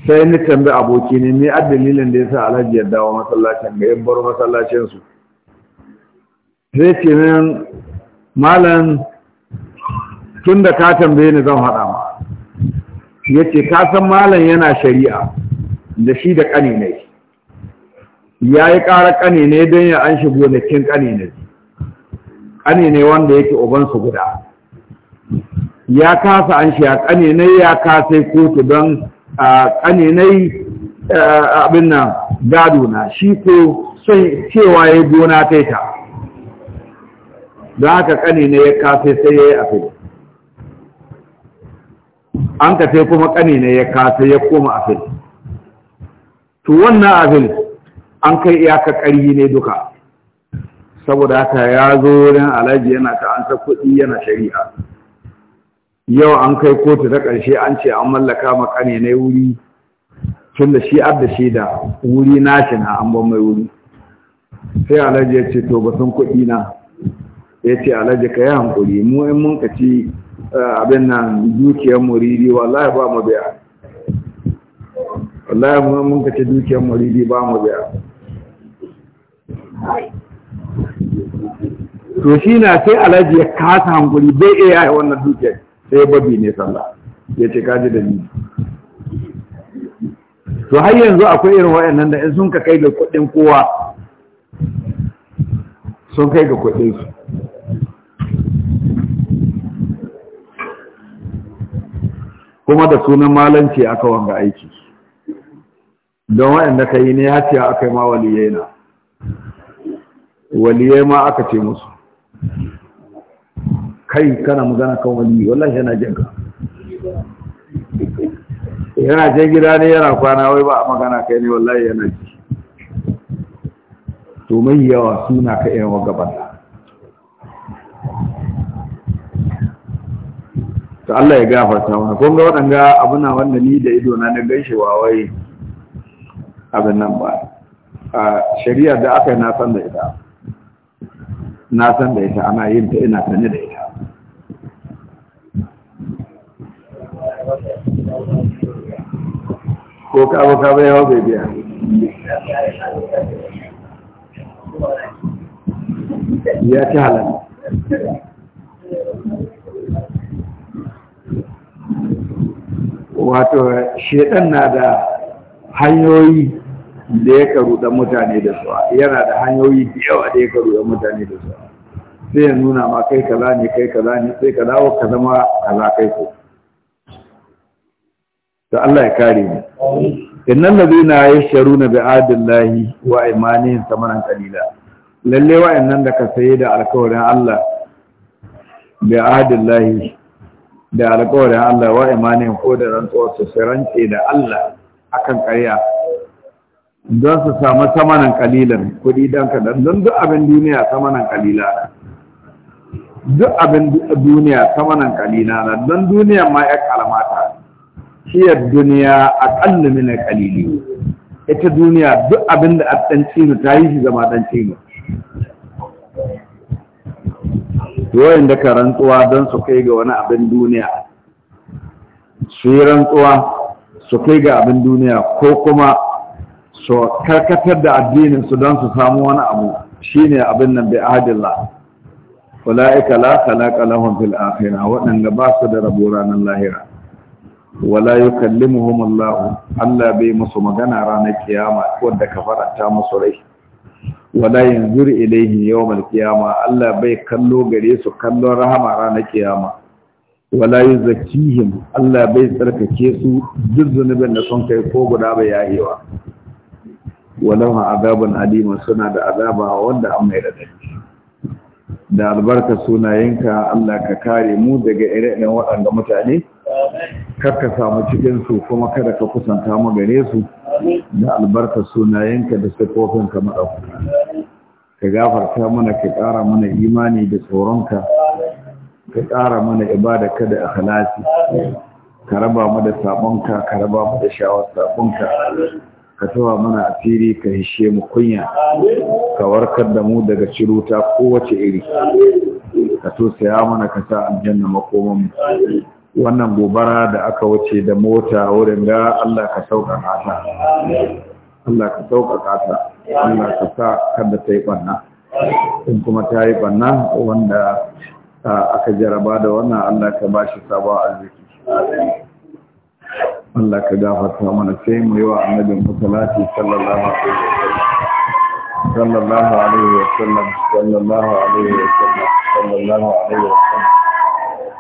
sai ni tambi aboki ne ni a dalilin da sa alhaji ya dawo masallacin ga bar masallacin su sai ce min malam tun da ka tambaye ni zan haɗa ma Ya ce ka san malam yana shari'a da shi da ƙani ne ya yi ƙara ƙani ne don ya an shi gonakin ƙani ne ƙani ne wanda yake ubansu guda ya kasa an shi ya ƙani ne ya kasa kotu don ƙaninai abin nan gado na shi ko son cewa ya gona ta ta don haka ƙaninai ya kafe sai ya yi afi an ka sai kuma ƙaninai ya kafe ya koma afi to wannan afe an kai iyaka ƙari ne duka saboda haka ya zo wurin alhaji yana ta an kuɗi yana shari'a yau an kai kotu ta ƙarshe an ce an mallaka makane na wuri tun da shi abda shi da wuri na shi na an ban mai wuri sai alhaji ya ce to batun kuɗi na ya ce alhaji ka yi hankuri mu in mun ka ci eh, abin nan dukiyar muridi wallahi ba mu biya wallahi mu mun ka ci dukiyar muridi ba mu biya to shi na sai alhaji ya kasa hankuri bai iya yi wannan dukiyar sai babi ne sallah ya ce kaji da ni to har yanzu akwai irin wayannan da in sun ka kai ga kuɗin kowa sun kai ga kuɗin su kuma da sunan malanci aka wanga aiki don wayanda ka yi ne ya ce aka yi ma waliyai na waliyai ma aka ce musu kai kana magana kan wani wallahi yana jin ka yana je gida ne yana kwana wai ba a magana kai ne wallahi yana ji to mai yawa suna ka irin wa gaban ta Allah ya gafarta mana kun ga waɗanga abuna wanda ni da ido na na gaishe wa wai abin nan ba a shari'ar da aka yi na san da ita na san da ita ana yin ta ina sanye da ita ko ka abu ka bai bai biya ya ci halar wato shaidan na da hanyoyi da ya karu da mutane da su yana da hanyoyi da yawa da ya karu da mutane da su sai ya nuna ma kai kaza ne kai kaza ne sai ka dawo ka zama kaza kai ko da Allah ya kare mu innal ladina yashruna bi adillahi wa imanihim samanan qalila lalle wa'annan da ka saye da alƙawarin Allah bi adillahi da alƙawarin Allah wa imanihim ko da rantsuwar su rance da Allah akan ƙarya don su samu samanan kalilan kuɗi dan kaɗan don duk abin duniya samanan kalila duk abin duniya samanan kalila don duniya ma ya kalamata hiyar duniya a kallu mina kalili ita duniya duk abin da a ɗan cinu ta yi shi zama ɗan cinu yawan da ka rantsuwa don su kai ga wani abin duniya su yi rantsuwa su kai ga abin duniya ko kuma su karkatar da su don su samu wani abu shine abin nan bai ahadillah ula'ika la khalaqa lahum fil akhirah waɗanda ba su da rabo ranar lahira wala yukallimuhum Allah Allah bai musu magana ranar kiyama wanda ka musu rai wala yanzur ilayhi yawmal kiyama Allah bai kallo gare su kallon rahama ranar kiyama wala yuzakkihim Allah bai tsarkake su duk zunubin da sun kai ko guda bai yayewa walau azabun alima suna da azaba wanda an mai da da albarka sunayenka Allah ka kare mu daga ire-iren waɗanda mutane karka samu cikinsu kuma kada ka kusanta mu gare su da albarka sunayenka da sifofinka maɗauka ka gafarta mana ka ƙara mana imani da tsoronka ka ƙara mana ibada ka da akhlasi ka raba mu da sabonka ka raba mu da shawar sabonka ka tawa mana asiri ka hishe mu kunya ka warkar da mu daga ciruta kowace iri ka tosaya mana ka sa aljanna makoman mu wannan gobara da aka wuce da mota wurin ga Allah ka sauƙaƙa ta Allah ka sauƙaƙa ta Allah ka sa kada ta yi banna in kuma ta yi banna wanda aka jaraba da wannan Allah ka ba shi sabon arziki Allah ka gafarta mana sai mu yi wa annabin salati sallallahu alaihi wa sallam sallallahu alaihi wa sallam sallallahu alaihi wa sallam sallallahu alaihi wa sallam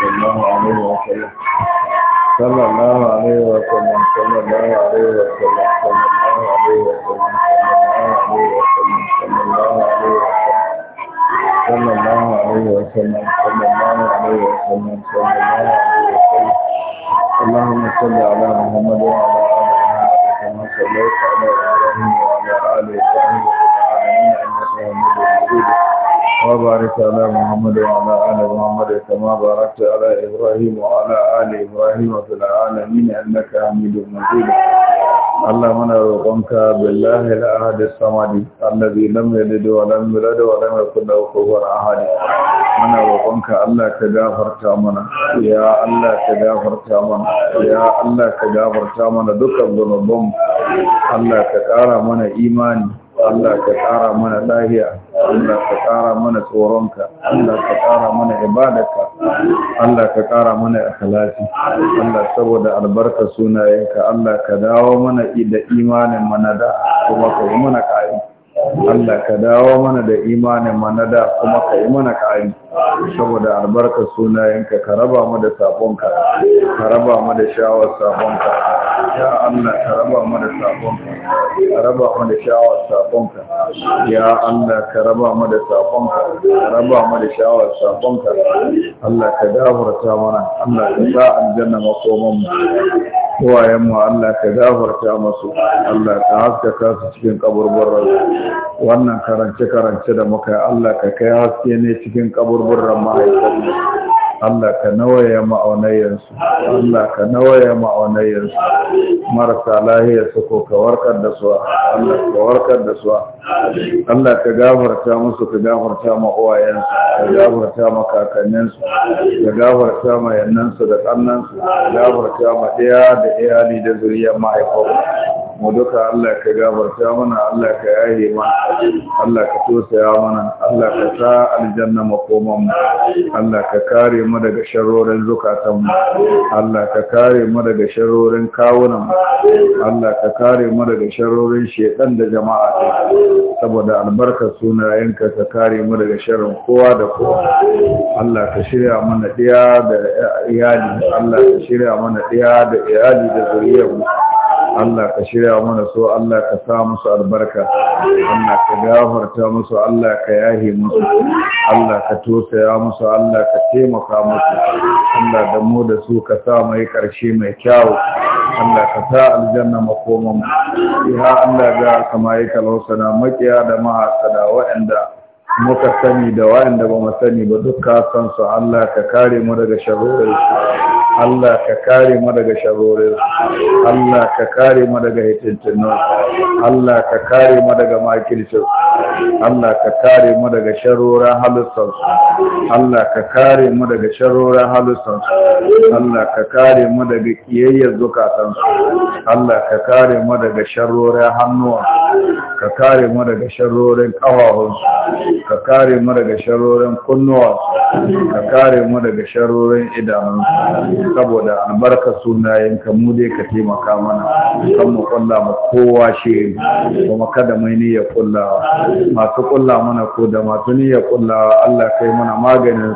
صلى الله عليه وسلم صلى الله عليه وسلم صلى الله عليه وسلم صلى الله عليه وسلم صلى الله عليه وسلم صلى الله عليه وسلم صلى الله عليه وسلم صلى الله عليه وسلم اللهم صل على محمد وعلى آل محمد كما صليت على إبراهيم وعلى آل إبراهيم وعلى آل إبراهيم إنك حميد مجيد وبارك على محمد وعلى آل محمد كما باركت على إبراهيم وعلى آل إبراهيم في العالمين إنك حميد مجيد اللهم انا نرقمك بالله الأحد الصمد الذي لم يلد ولم يولد ولم يكن له كفوا أحد انا نرقمك الله كغفرت منا يا الله كغفرت منا يا الله كغفرت منا دكان ذنوبنا الله كقارا منا إيماني Allah ka ƙara mana lahiya Allah ka ƙara mana tsoronka Allah ka ƙara mana ibadarka Allah ka ƙara mana ikhlasi Allah saboda albarka sunayenka Allah ka dawo mana da imanin manada kuma ka yi mana ƙari Allah ka dawo mana da imanin manada kuma ka yi mana ƙari saboda albarka sunayenka ka raba mu da sabonka ka raba mu da shawar sabonka ya Allah ka raba mu da sabonka ka raba mu da shawar sabonka ya Allah ka raba mu da sabonka ka raba mu da shawar sabonka Allah ka dafurta mana Allah ka sa aljanna makoman mu kowayen mu Allah ka dafurta masu Allah ka haskaka su cikin kaburburan wannan karance karance da muka Allah ka kai haske ne cikin kaburburan mahaifan Allah ka nawaye ma'aunayensu Allah ka nawaye ma'aunayensu marasa lahiya su ko ka warkar da su Allah ka warkar da su Allah ka gafarta musu ka gafarta ma uwayensu ka gafarta ma kakanninsu ka gafarta ma yannansu da kannansu ka gafarta ma ɗaya da iyali da zuriyar ma'aikata mu duka Allah ka gabarta mana Allah ka yaye mana Allah ka tosaya mana Allah ka sa aljanna makoman mu Allah ka kare mu. mu daga sharorin zukatanmu Allah ka kare mu daga sharorin kawunanmu Allah ka kare mu daga sharorin shedan da jama'a ta saboda albarkar sunayenka ka kare mu daga sharrin kowa da kowa Allah ka shirya mana ɗiya da iyali Allah ka shirya mana ɗiya da iyali da zuriyarmu Allah ka shirya mana so Allah ka sa musu albarka Allah ka gafarta musu Allah ka yahi musu Allah ka tosaya musu Allah ka taimaka musu Allah da mu da su ka sa mai karshe mai kyau Allah ka sa aljanna makoman ya Allah ga kama yake na makiya da mahasada waɗanda muka sani da wa'anda ba mu sani ba duk ka su Allah ka kare mu daga sharurai Allah ka kare mu daga sharorin Allah ka kare mu daga hitintunan Allah ka kare mu daga makircin Allah ka kare mu daga sharorin halittar Allah ka kare mu daga sharorin halittar Allah ka kare mu daga kiyayyar zukatan Allah ka kare mu daga sharorin hannuwa ka kare mu daga sharorin kafafun ka kare mu daga sharorin kunnuwa ka kare mu daga sharorin idanun saboda albarka sunayen ka mu dai ka taimaka mana kan mu kulla mu kowa shi kuma kada mai niyyar kulla masu kulla mana ko da masu niyyar kulla Allah kai mana maganin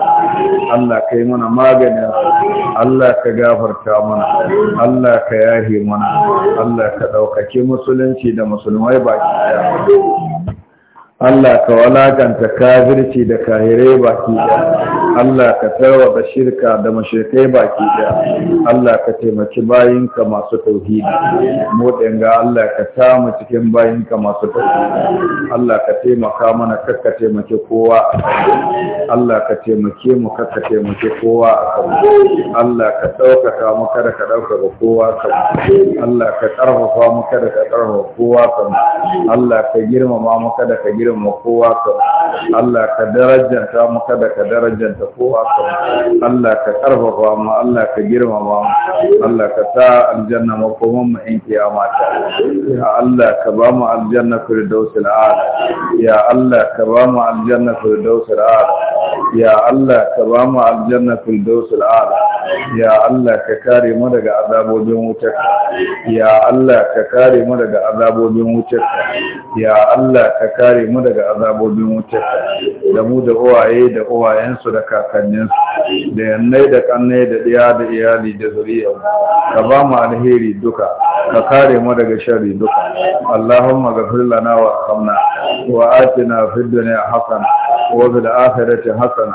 Allah kai mana maganin Allah ka gafarta mana Allah ka yahi mana Allah ka ɗaukake musulunci da musulmai baki daya Allah ka walakanta kafirci da kahirai baki ɗaya Allah ka tarwata shirka da mashirkai baki ɗaya Allah ka taimaki bayinka masu tauhidi mu ga Allah ka samu cikin bayinka masu tauhidi Allah ka taimaka mana kakka taimaki kowa a Allah ka taimake mu kakka taimaki kowa a Allah ka ɗaukaka mu kada ka ɗaukaka kowa kan Allah ka ƙarfafa mu kada ka ƙarfafa kowa kan Allah ka girmama mu kada ka girmama mu kowa ka Allah ka darajanta mu kada ka darajanta kowa ka Allah ka karfafa mu Allah ka girmama mu Allah ka sa aljanna mu kuma mu in kiyama ta ya Allah ka ba mu aljanna firdausul a'la ya Allah ka ba mu aljanna firdausul a'la ya Allah ka ba mu aljanna firdausul a'la ya Allah ka kare mu daga azabobin wutarka ya Allah ka kare mu daga azabobin wutarka ya Allah ka kare mu daga azabobin wutarka da mu da uwaye da uwayensu da kakanninsu da yannai da kannai da ɗiya da iyali da zuriyar ka ba mu alheri duka ka kare mu daga sharri duka Allahumma ghafir lana wa arhamna wa atina fid dunya hasana wa bil akhirati hasana